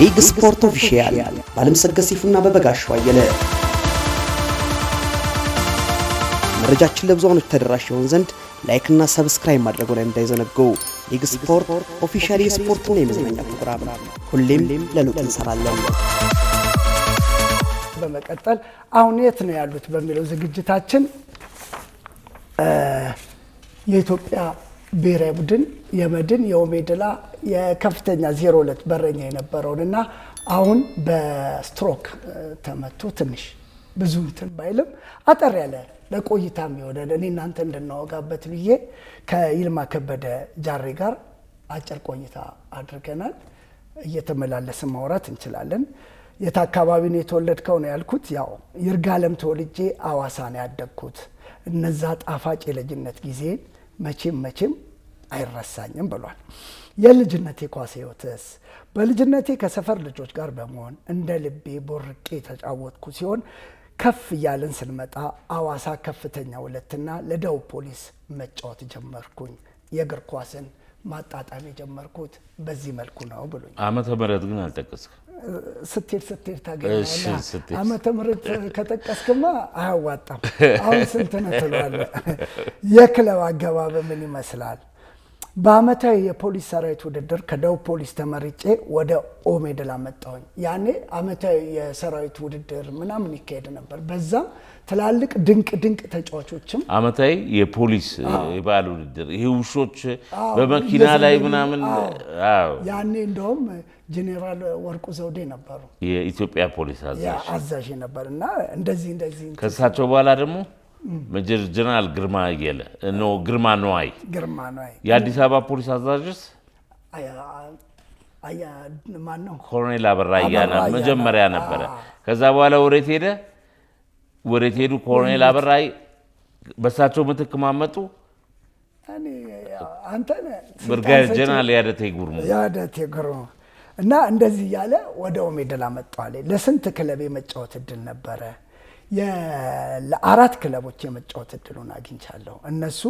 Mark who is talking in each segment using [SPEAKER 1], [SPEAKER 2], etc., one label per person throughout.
[SPEAKER 1] ቢግ ስፖርት ኦፊሻል በዓለም ሰገድ ሰይፉና በበጋሻው አየለ መረጃችን ለብዙሃኖች ተደራሽ ይሆን ዘንድ ላይክ እና ሰብስክራይብ ማድረጉ ላይ እንዳይዘነጉ። ቢግ ስፖርት ኦፊሻል የስፖርትና የመዝናኛ ፕሮግራም ሁሌም ለለውጥ እንሰራለን።
[SPEAKER 2] በመቀጠል አሁን የት ነው ያሉት በሚለው ዝግጅታችን የኢትዮጵያ ብሔራዊ ቡድን የመድን የኦሜድላ የከፍተኛ ዜ ሁለት በረኛ የነበረውን እና አሁን በስትሮክ ተመቶ ትንሽ ብዙ እንትን ባይልም አጠር ያለ ለቆይታ የሆነ እኔ እናንተ እንድናወጋበት ብዬ ከይልማ ከበደ ጃሬ ጋር አጭር ቆይታ አድርገናል። እየተመላለስ ማውራት እንችላለን። የት አካባቢ ነው የተወለድከው ነው ያልኩት። ያው ይርጋለም ተወልጄ አዋሳ ነው ያደግኩት። እነዛ ጣፋጭ የልጅነት ጊዜን መቼም መቼም አይረሳኝም ብሏል። የልጅነቴ ኳስ ህይወትስ? በልጅነቴ ከሰፈር ልጆች ጋር በመሆን እንደ ልቤ ቦርቄ የተጫወትኩ ሲሆን ከፍ እያለን ስንመጣ አዋሳ ከፍተኛ ሁለትና ለደቡብ ፖሊስ መጫወት ጀመርኩኝ የእግር ኳስን ማጣጣም የጀመርኩት በዚህ መልኩ ነው ብሎኝ።
[SPEAKER 3] ዓመተ ምሕረት ግን አልጠቀስክም።
[SPEAKER 2] ስትሄድ ስትሄድ ታገኛለህ። ዓመተ ምሕረት ከጠቀስክማ አያዋጣም። አሁን ስንት ነው ትለዋለህ። የክለብ አገባብ ምን ይመስላል? በአመታዊ የፖሊስ ሰራዊት ውድድር ከደቡብ ፖሊስ ተመርጬ ወደ ኦሜድላ መጣሁኝ። ያኔ አመታዊ የሰራዊት ውድድር ምናምን ይካሄድ ነበር። በዛም ትላልቅ ድንቅ ድንቅ ተጫዋቾችም
[SPEAKER 3] አመታዊ የፖሊስ የበዓል ውድድር ይሄ ውሾች በመኪና ላይ ምናምን
[SPEAKER 2] ያኔ እንደውም ጄኔራል ወርቁ ዘውዴ ነበሩ
[SPEAKER 3] የኢትዮጵያ ፖሊስ አዛዥ ነበር እና እንደዚህ እንደዚህ ከእሳቸው በኋላ ደግሞ ሜጀር ጀነራል ግርማ የለ ግርማ ነዋይ የአዲስ አበባ ፖሊስ አዛዥስ ኮሎኔል አበራ አያና መጀመሪያ ነበረ። ከዛ በኋላ ወዴት ሄደ? ወዴት ሄዱ? ኮሎኔል አበራ በሳቸው ምትክ ማመጡ ብርጋዴር ጀነራል ያደቴ ጉርሙ ያደቴ ጉርሙ
[SPEAKER 2] እና እንደዚህ እያለ ወደ ኦሜድላ መጥተዋል። ለስንት ክለብ የመጫወት እድል ነበረ ለአራት ክለቦች የመጫወት እድሉን አግኝቻለሁ። እነሱ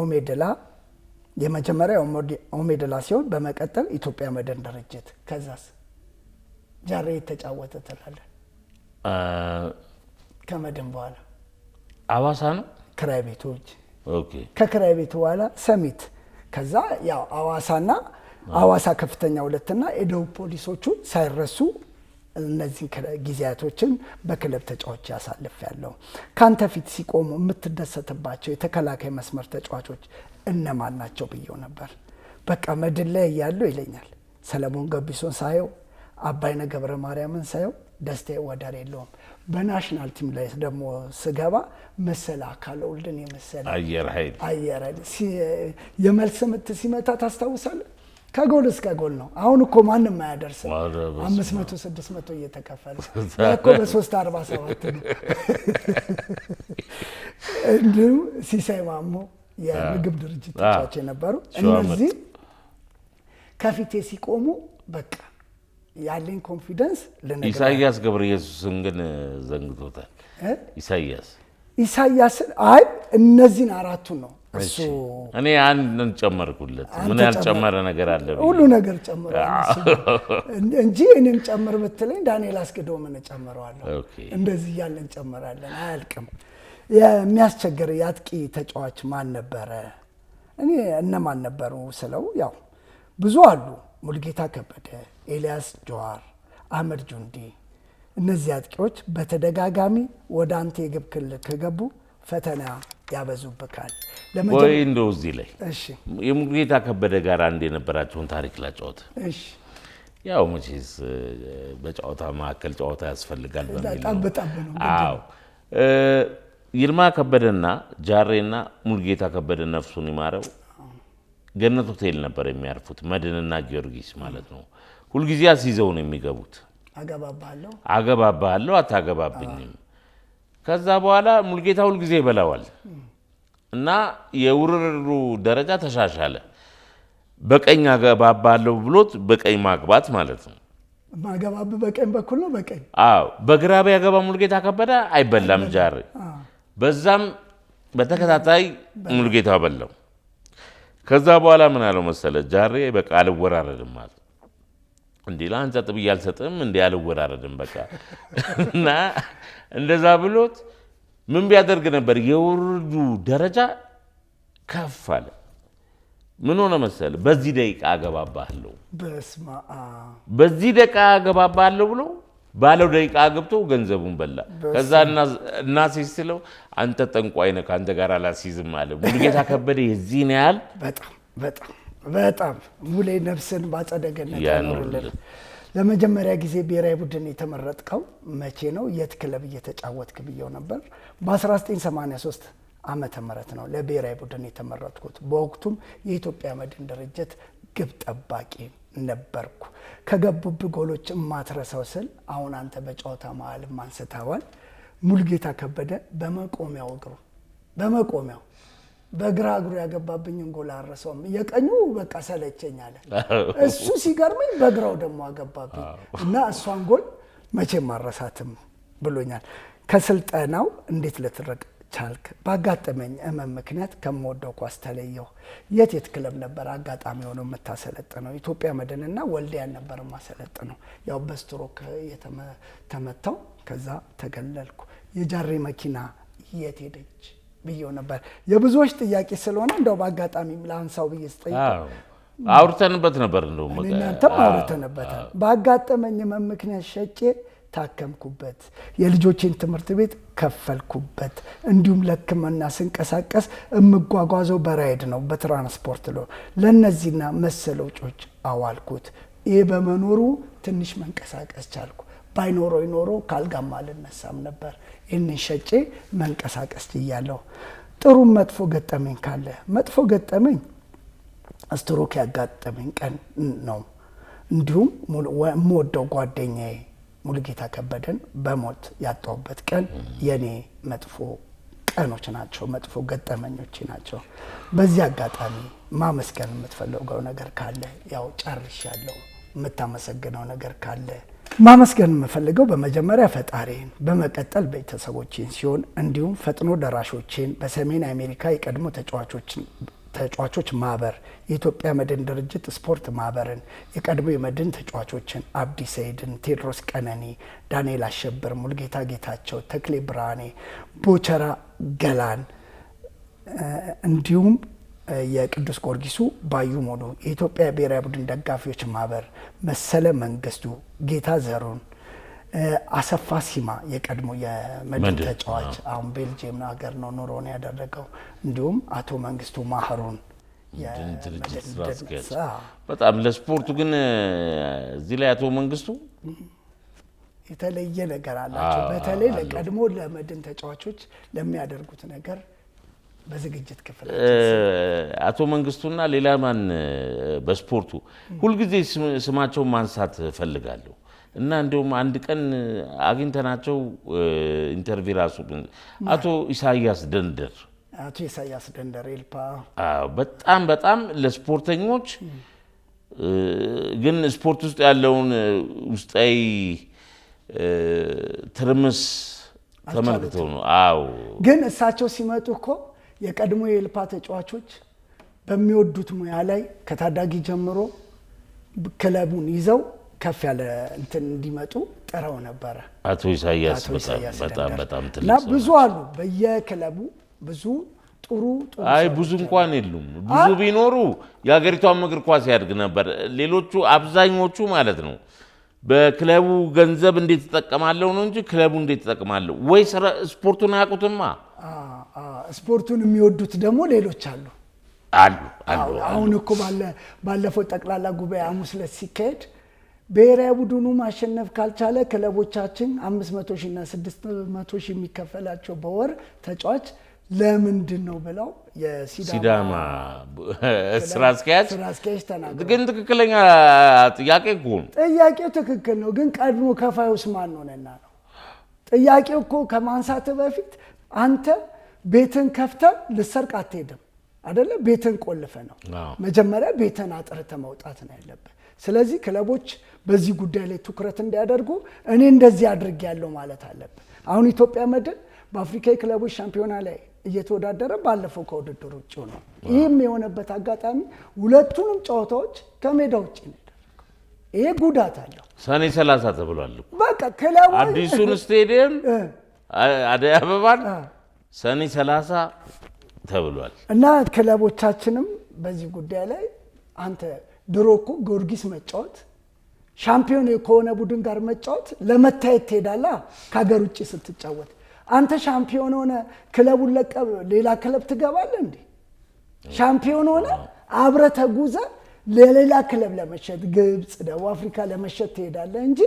[SPEAKER 2] ኦሜድላ የመጀመሪያ ኦሜድላ ሲሆን በመቀጠል ኢትዮጵያ መድን ድርጅት፣ ከዛስ ጃሬ የተጫወተ ትላለ
[SPEAKER 3] ከመድን በኋላ
[SPEAKER 2] አዋሳ ነው ክራይ ቤቶች፣ ከክራይ ቤት በኋላ ሰሚት፣ ከዛ ያው አዋሳና አዋሳ ከፍተኛ ሁለትና የደቡብ ፖሊሶቹ ሳይረሱ እነዚህ ጊዜያቶችን በክለብ ተጫዋች ያሳልፍ ያለው ከአንተ ፊት ሲቆሙ የምትደሰትባቸው የተከላካይ መስመር ተጫዋቾች እነማን ናቸው ብየው ነበር። በቃ መድን ላይ እያሉ ይለኛል ሰለሞን ገቢሶን ሳየው፣ አባይነ ገብረ ማርያምን ሳየው ደስታ ወደር የለውም። በናሽናል ቲም ላይ ደግሞ ስገባ መሰለ አካለ ወልድን የመሰለ አየር ኃይል የመልስ ምት ሲመታ ታስታውሳለህ ከጎል እስከ ጎል ነው። አሁን እኮ ማንም አያደርስ አምስት መቶ ስድስት መቶ እየተከፈለ እኮ በሶስት አርባ ሰባት ነው። እንዲሁም ሲሳይ ማሞ የምግብ ድርጅቶቻቸው የነበሩ እነዚህ ከፊቴ ሲቆሙ በቃ ያለኝ ኮንፊደንስ
[SPEAKER 3] ልነግርህ። ኢሳያስ ገብረ ኢየሱስን ግን ዘንግቶታል። ኢሳያስ
[SPEAKER 2] ኢሳያስን አይ እነዚህን አራቱን ነው
[SPEAKER 3] እኔ አንድን ጨመርኩለት። ምን ያልጨመረ ነገር አለ? ሁሉ ነገር
[SPEAKER 2] ጨምረ እንጂ እኔም ጨምር ብትለኝ ዳንኤል አስገደው ምን ጨምረዋለሁ። እንደዚህ እያለ እንጨምራለን፣ አያልቅም። የሚያስቸግር የአጥቂ ተጫዋች ማን ነበረ? እኔ እነማን ነበሩ ስለው ያው ብዙ አሉ። ሙልጌታ ከበደ፣ ኤልያስ ጀዋር፣ አህመድ ጁንዲ እነዚህ አጥቂዎች በተደጋጋሚ ወደ አንተ የግብ ክልል ከገቡ ፈተና ያበዙብካል።
[SPEAKER 3] ወይ እንደው እዚህ ላይ የሙሉጌታ ከበደ ጋር አንድ የነበራቸውን ታሪክ ላጫወት። ያው መቼስ በጨዋታ መካከል ጨዋታ ያስፈልጋል በሚል ይልማ ከበደና ጃሬና ሙልጌታ ከበደ ነፍሱን ይማረው ገነት ሆቴል ነበር የሚያርፉት። መድንና ጊዮርጊስ ማለት ነው። ሁልጊዜ አስይዘው ነው የሚገቡት
[SPEAKER 2] አገባባለሁ አታገባብኝም።
[SPEAKER 3] ከዛ በኋላ ሙልጌታ ሁልጊዜ ይበላዋል እና የውርርሩ ደረጃ ተሻሻለ። በቀኝ አገባባለሁ ብሎት በቀኝ ማግባት ማለት ነው።
[SPEAKER 2] ማገባብ በቀኝ በኩል ነው። በቀኝ
[SPEAKER 3] አዎ። በግራ ቢያገባ ሙልጌታ ከበደ አይበላም ጃሬ። በዛም በተከታታይ ሙልጌታ በላው። ከዛ በኋላ ምን አለው መሰለ ጃሬ በቃ አልወራረድም ማለት እንዲ ለአንተ ጥብዬ አልሰጥም እንዲ አልወራረድም በቃ እና እንደዛ ብሎት ምን ቢያደርግ ነበር የውርዱ ደረጃ ከፍ አለ። ምን ሆነ መሰለ፣ በዚህ ደቂቃ አገባባለሁ፣ በዚህ ደቂቃ አገባባለሁ ብሎ ባለው ደቂቃ አግብቶ ገንዘቡን በላ። ከዛ እናሲዝ ስለው አንተ ጠንቋይ ነህ ከአንተ ጋር አላሲዝም አለ። ሙሉጌታ ከበደ የዚህን ያህል
[SPEAKER 2] በጣም በጣም በጣም ሙሌ ነፍስን ባጸደ ገነት ለመጀመሪያ ጊዜ ብሔራዊ ቡድን የተመረጥከው መቼ ነው? የት ክለብ እየተጫወትክ ብየው ነበር። በ1983 ዓመተ ምህረት ነው ለብሔራዊ ቡድን የተመረጥኩት። በወቅቱም የኢትዮጵያ መድን ድርጅት ግብ ጠባቂ ነበርኩ። ከገቡብ ጎሎች የማትረሳው ስል አሁን አንተ በጨዋታ መሀል አንስተዋል። ሙልጌታ ከበደ በመቆሚያው እግሩ በመቆሚያው በግራ እግሩ ያገባብኝን ጎል አረሰውም። የቀኙ በቃ ሰለቸኝ አለ። እሱ ሲገርመኝ በግራው ደግሞ አገባብኝ እና እሷን ጎል መቼም አረሳትም ብሎኛል። ከስልጠናው እንዴት ልትረቅ ቻልክ? ባጋጠመኝ እመም ምክንያት ከምወደው ኳስ ተለየሁ። የት የት ክለብ ነበር አጋጣሚ ሆነው የምታሰለጥነው? ኢትዮጵያ መድንና ወልዲያን ነበር የማሰለጥነው። ያው በስትሮክ የተመታው ከዛ ተገለልኩ። የጃሬ መኪና የት ሄደች? ብዬው ነበር። የብዙዎች ጥያቄ ስለሆነ እንደው በአጋጣሚ ለአንሳው ብዬ ስጠይቀው
[SPEAKER 3] አውርተንበት ነበር፣ እንደውም እናንተም አውርተንበት
[SPEAKER 2] ባጋጠመኝ ምክንያት ሸጬ ታከምኩበት፣ የልጆቼን ትምህርት ቤት ከፈልኩበት፣ እንዲሁም ለሕክምና ስንቀሳቀስ የምጓጓዘው በራይድ ነው፣ በትራንስፖርት ነው። ለእነዚህና መሰል ወጪዎች አዋልኩት። ይህ በመኖሩ ትንሽ መንቀሳቀስ ቻልኩ። ባይኖሮ ይኖሮ ካልጋማ አልነሳም ነበር። ይህንን ሸጬ መንቀሳቀስ ትያለሁ። ጥሩ መጥፎ ገጠመኝ ካለ መጥፎ ገጠመኝ ስትሮክ ያጋጠመኝ ቀን ነው። እንዲሁም የምወደው ጓደኛዬ ሙሉጌታ ከበደን በሞት ያጣሁበት ቀን የኔ መጥፎ ቀኖች ናቸው፣ መጥፎ ገጠመኞች ናቸው። በዚህ አጋጣሚ ማመስገን የምትፈልገው ነገር ካለ ያው ጨርሻለሁ። የምታመሰግነው ነገር ካለ ማመስገን የምፈልገው በመጀመሪያ ፈጣሪን፣ በመቀጠል ቤተሰቦችን ሲሆን እንዲሁም ፈጥኖ ደራሾችን፣ በሰሜን አሜሪካ የቀድሞ ተጫዋቾች ማህበር፣ የኢትዮጵያ መድን ድርጅት ስፖርት ማህበርን፣ የቀድሞ የመድን ተጫዋቾችን አብዲ ሰይድን፣ ቴዎድሮስ ቀነኒ፣ ዳንኤል አሸብር፣ ሙልጌታ ጌታቸው፣ ተክሌ ብርሃኔ፣ ቦቸራ ገላን እንዲሁም የቅዱስ ጊዮርጊሱ ባዩ ሞሉ፣ የኢትዮጵያ ብሔራዊ ቡድን ደጋፊዎች ማህበር፣ መሰለ መንግስቱ፣ ጌታ ዘሩን፣ አሰፋ ሲማ የቀድሞ የመድን ተጫዋች አሁን ቤልጅየም ሀገር ነው ኑሮን ያደረገው፣ እንዲሁም አቶ መንግስቱ ማህሩን
[SPEAKER 3] በጣም ለስፖርቱ ግን እዚህ ላይ አቶ መንግስቱ
[SPEAKER 2] የተለየ ነገር አላቸው። በተለይ ለቀድሞ ለመድን ተጫዋቾች ለሚያደርጉት ነገር በዝግጅት ክፍል
[SPEAKER 3] አቶ መንግስቱና ሌላ ማን በስፖርቱ ሁልጊዜ ስማቸውን ማንሳት እፈልጋለሁ እና እንዲሁም አንድ ቀን አግኝተናቸው ኢንተርቪው ራሱ አቶ ኢሳያስ ደንደር
[SPEAKER 2] አቶ ኢሳያስ ደንደር ኤልፓ
[SPEAKER 3] በጣም በጣም ለስፖርተኞች ግን ስፖርት ውስጥ ያለውን ውስጣዊ ትርምስ ተመልክተው ነው። አዎ
[SPEAKER 2] ግን እሳቸው ሲመጡ እኮ የቀድሞ የልፓ ተጫዋቾች በሚወዱት ሙያ ላይ ከታዳጊ ጀምሮ ክለቡን ይዘው ከፍ ያለ እንትን እንዲመጡ ጥረው ነበረ።
[SPEAKER 3] አቶ ኢሳያስ በጣም በጣም
[SPEAKER 2] እና ብዙ አሉ በየክለቡ ብዙ ጥሩ አይ ብዙ እንኳን
[SPEAKER 3] የሉም። ብዙ ቢኖሩ የሀገሪቷን እግር ኳስ ያድግ ነበር። ሌሎቹ አብዛኞቹ ማለት ነው በክለቡ ገንዘብ እንዴት ትጠቀማለሁ ነው እንጂ ክለቡ እንዴት ትጠቅማለሁ ወይ ስፖርቱን አያውቁትማ።
[SPEAKER 2] ስፖርቱን የሚወዱት ደግሞ ሌሎች አሉ አሉ አሉ። አሁን እኮ ባለፈው ጠቅላላ ጉባኤ ሐሙስ ዕለት ሲካሄድ ብሔራዊ ቡድኑ ማሸነፍ ካልቻለ ክለቦቻችን አምስት መቶ ሺህ እና ስድስት መቶ ሺህ የሚከፈላቸው በወር ተጫዋች ለምንድን ነው ብለው
[SPEAKER 3] የሲዳማ ስራ አስኪያጅ ተናግረው፣ ግን ትክክለኛ ጥያቄ እኮ
[SPEAKER 2] ጥያቄው ትክክል ነው። ግን ቀድሞ ከፋዩስ ማን ሆነና ነው ጥያቄው እኮ ከማንሳት በፊት አንተ ቤትን ከፍተ ልሰርቅ አትሄድም አደለ? ቤትን ቆልፈ ነው መጀመሪያ ቤትን አጥርተ መውጣት ነው ያለብህ። ስለዚህ ክለቦች በዚህ ጉዳይ ላይ ትኩረት እንዲያደርጉ እኔ እንደዚህ አድርግ ያለው ማለት አለብህ። አሁን ኢትዮጵያ መድን በአፍሪካ ክለቦች ሻምፒዮና ላይ እየተወዳደረ ባለፈው ከውድድር ውጭ ነው። ይህም የሆነበት አጋጣሚ ሁለቱንም ጨዋታዎች ከሜዳ ውጭ ነው። ይሄ ጉዳት አለው።
[SPEAKER 3] ሰኔ ሰላሳ ተብሏል። በቃ ክለቡ አዲሱን ስቴዲየም አደይ አበባን ሰኔ ሰላሳ ተብሏል
[SPEAKER 2] እና ክለቦቻችንም በዚህ ጉዳይ ላይ አንተ ድሮ እኮ ጊዮርጊስ መጫወት ሻምፒዮን ከሆነ ቡድን ጋር መጫወት ለመታየት ትሄዳላ ከሀገር ውጭ ስትጫወት አንተ ሻምፒዮን ሆነ ክለቡን ለቀ ሌላ ክለብ ትገባለህ እንዴ? ሻምፒዮን ሆነ አብረ ተጉዘ ለሌላ ክለብ ለመሸጥ ግብፅ፣ ደቡብ አፍሪካ ለመሸጥ ትሄዳለህ እንጂ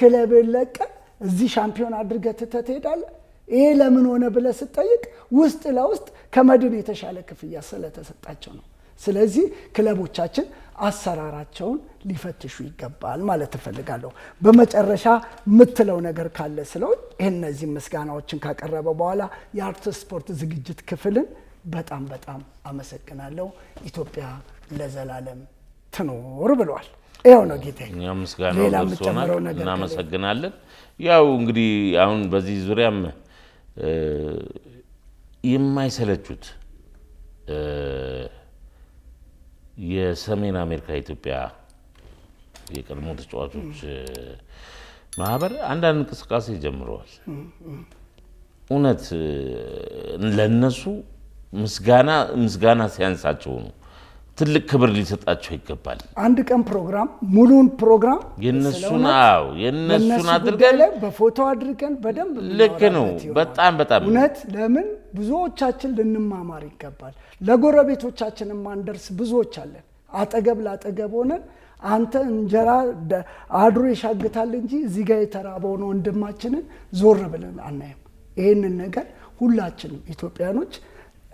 [SPEAKER 2] ክለብን ለቀን እዚህ ሻምፒዮን አድርገ ትተህ ትሄዳለህ። ይሄ ለምን ሆነ ብለ ስጠይቅ ውስጥ ለውስጥ ከመድን የተሻለ ክፍያ ስለተሰጣቸው ነው። ስለዚህ ክለቦቻችን አሰራራቸውን ሊፈትሹ ይገባል ማለት እፈልጋለሁ። በመጨረሻ የምትለው ነገር ካለ ስለው ይህን እነዚህ ምስጋናዎችን ካቀረበ በኋላ የአርት ስፖርት ዝግጅት ክፍልን በጣም በጣም አመሰግናለሁ። ኢትዮጵያ ለዘላለም ትኖር ብለዋል። ይኸው ነው ጌታ።
[SPEAKER 3] እኛም ምስጋና ደርሶናል፣ እናመሰግናለን። ያው እንግዲህ አሁን በዚህ ዙሪያም የማይሰለቹት የሰሜን አሜሪካ ኢትዮጵያ የቀድሞ ተጫዋቾች ማህበር አንዳንድ እንቅስቃሴ ጀምረዋል። እውነት ለነሱ ምስጋና ምስጋና ሲያንሳቸው ነው ትልቅ ክብር ሊሰጣቸው ይገባል።
[SPEAKER 2] አንድ ቀን ፕሮግራም ሙሉን ፕሮግራም
[SPEAKER 3] የነሱን አዎ የነሱን አድርገን
[SPEAKER 2] በፎቶ አድርገን በደንብ ልክ ነው። በጣም በጣም እውነት ለምን ብዙዎቻችን ልንማማር ይገባል። ለጎረቤቶቻችን ማንደርስ ብዙዎች አለን። አጠገብ ላጠገብ ሆነን አንተ እንጀራ አድሮ ይሻግታል እንጂ እዚህ ጋር የተራበውን ወንድማችንን ዞር ብለን አናየም። ይህንን ነገር ሁላችንም ኢትዮጵያኖች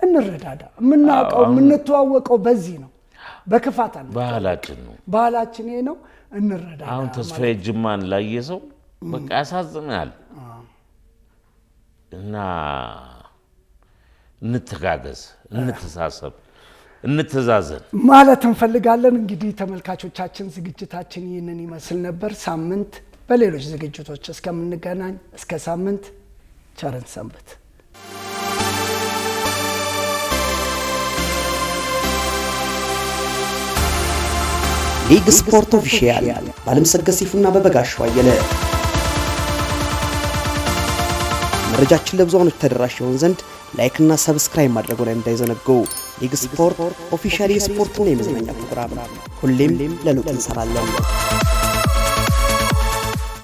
[SPEAKER 2] እንረዳዳ። የምናውቀው የምንተዋወቀው በዚህ ነው። በክፋት ባህላችን ነው፣ ባህላችን ይሄ ነው። እንረዳዳ።
[SPEAKER 3] አሁን ተስፋዬ ጅማን ላየ ሰው በቃ ያሳዝናል። እና እንተጋገዝ፣ እንተሳሰብ፣ እንተዛዘን
[SPEAKER 2] ማለት እንፈልጋለን። እንግዲህ ተመልካቾቻችን ዝግጅታችን ይህንን ይመስል ነበር። ሳምንት በሌሎች ዝግጅቶች እስከምንገናኝ እስከ ሳምንት ቸርን ሰንበት። ሊግ ስፖርት ኦፊሻል ባለምሰገድ ሲፉና በበጋሻው አየለ። መረጃችን ለብዙሃኖች ተደራሽ ይሆን ዘንድ ላይክ እና ሰብስክራይብ ማድረጉ ላይ እንዳይዘነጉ። ሊግ ስፖርት ኦፊሻል የስፖርትና የመዝናኛ ፕሮግራም ሁሌም ለለውጥ እንሰራለን።